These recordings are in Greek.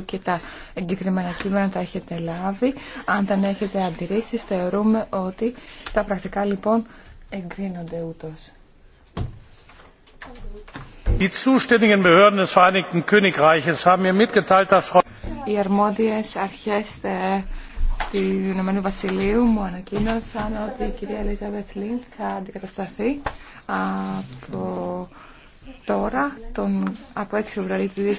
και τα εγκεκριμένα κείμενα τα έχετε λάβει. Αν δεν έχετε αντιρρήσει, θεωρούμε ότι τα πρακτικά λοιπόν εγκρίνονται ούτω. Οι αρμόδιε αρχέ ε, του Ηνωμένου Βασιλείου μου ανακοίνωσαν ότι η κυρία Ελίζα Βεθλίντ θα αντικατασταθεί από τώρα, τον, από 6 Φεβρουαρίου του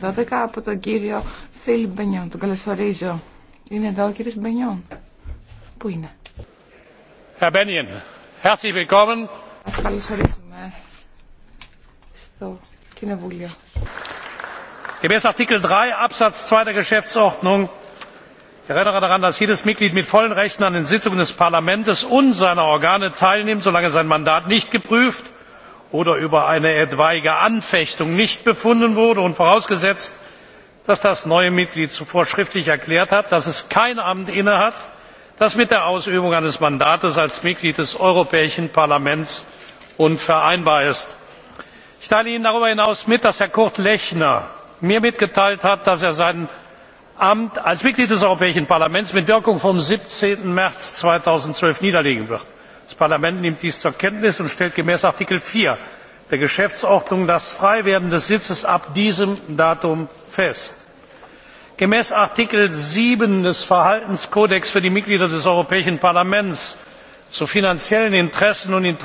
2012, από τον κύριο Φίλ Μπενιόν. Τον καλωσορίζω. Είναι εδώ ο κύριο Μπενιόν. Πού είναι? Herr Μπενιόν. herzlich willkommen. Σας καλωσορίζουμε στο Κοινοβούλιο. Gemäß Artikel 3 Absatz 2 der Geschäftsordnung ich erinnere daran dass jedes mitglied mit vollen rechten an den sitzungen des parlaments und seiner organe teilnimmt solange sein mandat nicht geprüft oder über eine etwaige anfechtung nicht befunden wurde und vorausgesetzt dass das neue mitglied zuvor schriftlich erklärt hat dass es kein amt innehat das mit der ausübung eines mandates als mitglied des europäischen parlaments unvereinbar ist. ich teile ihnen darüber hinaus mit dass herr kurt lechner mir mitgeteilt hat dass er sein amt als mitglied des europäischen parlaments mit wirkung vom. 17. märz 2012 niederlegen wird das parlament nimmt dies zur kenntnis und stellt gemäß artikel vier der geschäftsordnung das freiwerden des sitzes ab diesem datum fest. gemäß artikel sieben des verhaltenskodex für die mitglieder des europäischen parlaments zu finanziellen interessen und